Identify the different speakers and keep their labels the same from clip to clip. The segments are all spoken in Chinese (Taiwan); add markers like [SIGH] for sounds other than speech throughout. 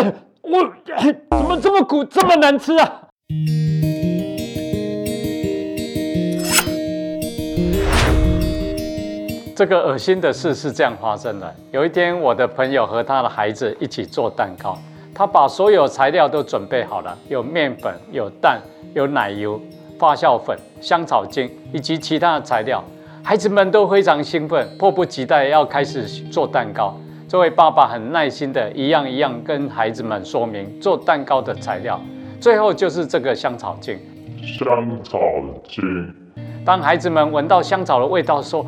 Speaker 1: 我怎麼這麼苦，這麼難吃啊？這個噁心的事是這樣發生的：有一天，我的朋友和他的孩子一起做蛋糕，他把所有材料都準備好了，有麵粉、有蛋、有奶油、發酵粉、香草精，以及其他的材料。孩子們都非常興奮，迫不及待要開始做蛋糕。這位爸爸很耐心的一樣一樣跟孩子們說明做蛋糕的材料，最後就是這個香草精。香草精。當孩子們聞到香草的味道時候，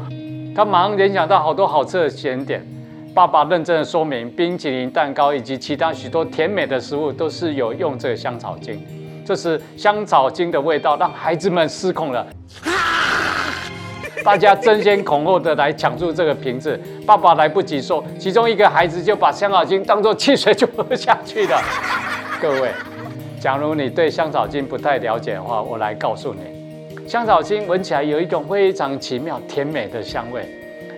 Speaker 1: 他馬上聯想到好多好吃的甜點。爸爸認真地說明，冰淇淋、蛋糕以及其他許多甜美的食物都是有用這個香草精。這、就是香草精的味道，讓孩子們失控了。大家爭先恐後的來搶住這個瓶子，爸爸來不及說，其中一個孩子就把香草精當作汽水就喝下去了。 [LAUGHS] 各位，假如你對香草精不太了解的話，我來告訴你，香草精聞起來有一種非常奇妙甜美的香味，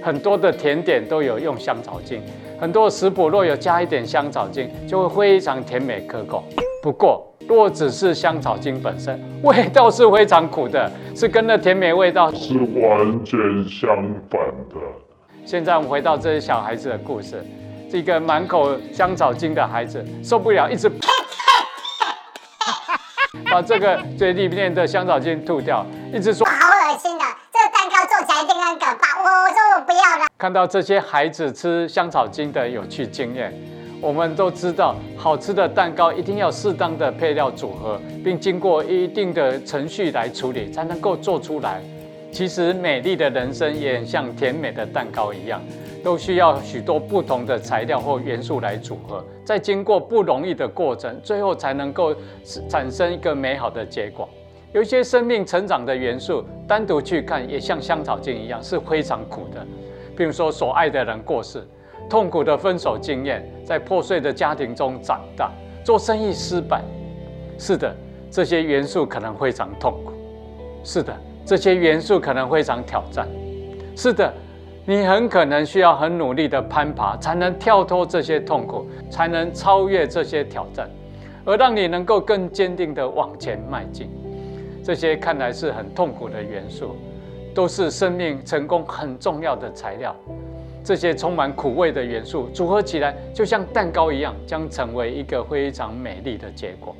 Speaker 1: 很多的甜點都有用香草精，很多食譜若有加一點香草精，就會非常甜美可口。不過，若只是香草精本身，味道是非常苦的，是跟那甜美味道是完全相反的。現在我們回到這些小孩子的故事，這個滿口香草精的孩子受不了，一直 [LAUGHS] 把這個嘴裡面的香草精吐掉，一直說：“好噁心的，這個蛋糕做起來一定很可怕。”我說：“我不要了。”看到這些孩子吃香草精的有趣經驗。我們都知道，好吃的蛋糕一定要適當的配料組合，並經過一定的程序來處理，才能夠做出來。其實，美麗的人生也很像甜美的蛋糕一樣，都需要許多不同的材料或元素來組合，再經過不容易的過程，最後才能夠產生一個美好的結果。有些生命成長的元素，單獨去看，也像香草精一樣，是非常苦的。比如說，所愛的人過世。痛苦的分手經驗，在破碎的家庭中長大，做生意失敗，是的，這些元素可能非常痛苦，是的，這些元素可能非常挑戰，是的，你很可能需要很努力的攀爬，才能跳脫這些痛苦，才能超越這些挑戰，而讓你能夠更堅定地往前邁進。這些看來是很痛苦的元素，都是生命成功很重要的材料。這些充滿苦味的元素組合起來，就像蛋糕一樣，將成為一個非常美麗的結果。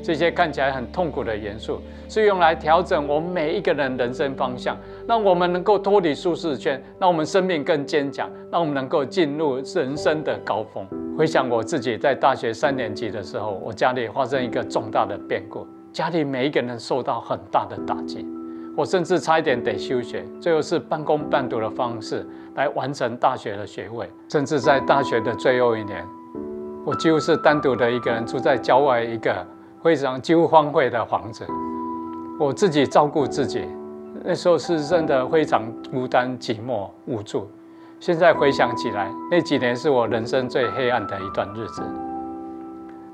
Speaker 1: 這些看起來很痛苦的元素，是用來調整我們每一個人人生方向，讓我們能夠脫離舒適圈，讓我們生命更堅強，讓我們能夠進入人生的高峰。回想我自己在大學三年級的時候，我家裡發生一個重大的變故，家裡每一個人受到很大的打擊。我甚至差一點得休學，最後是半工半讀的方式來完成大學的學位，甚至在大學的最後一年，我幾乎是單獨的一個人住在郊外一個非常幾乎荒廢的房子，我自己照顧自己。那時候是真的非常孤單、寂寞、無助。現在回想起來，那幾年是我人生最黑暗的一段日子。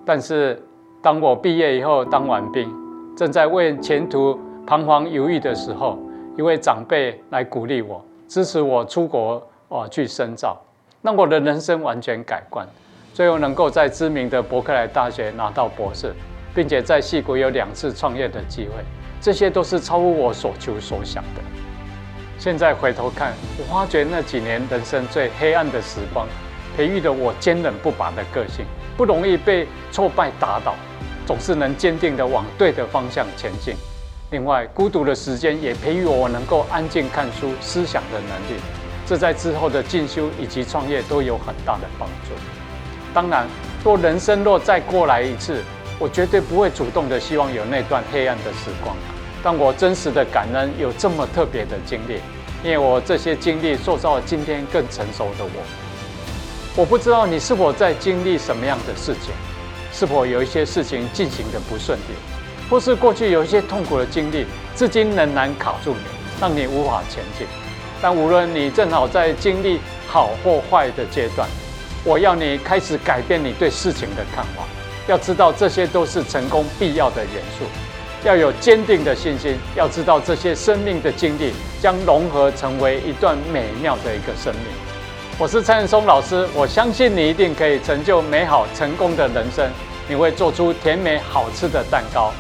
Speaker 1: 但是當我畢業以後，當完兵，正在為前途。彷徨猶豫的時候，一位長輩來鼓勵我，支持我出國啊、呃、去深造，讓我的人生完全改觀。最後能夠在知名的柏克萊大學拿到博士，並且在矽谷有兩次創業的機會，這些都是超乎我所求所想的。現在回頭看，我發覺那幾年人生最黑暗的時光，培育了我堅韌不拔的個性，不容易被挫敗打倒，總是能堅定地往對的方向前進。另外，孤獨的時間也培育我能夠安靜看書、思想的能力，這在之後的進修以及創業都有很大的幫助。當然，若人生若再過來一次，我絕對不會主動地希望有那段黑暗的時光，但我真實的感恩有這麼特別的經歷，因為我這些經歷塑造今天更成熟的我。我不知道你是否在經歷什麼樣的事情，是否有一些事情進行得不順利。或是過去有一些痛苦的經歷，至今仍然卡住你，讓你無法前進。但無論你正好在經歷好或壞的階段，我要你開始改變你對事情的看法。要知道，這些都是成功必要的元素。要有堅定的信心。要知道，這些生命的經歷將融合成為一段美妙的一個生命。我是蔡松老師，我相信你一定可以成就美好成功的人生。你會做出甜美好吃的蛋糕。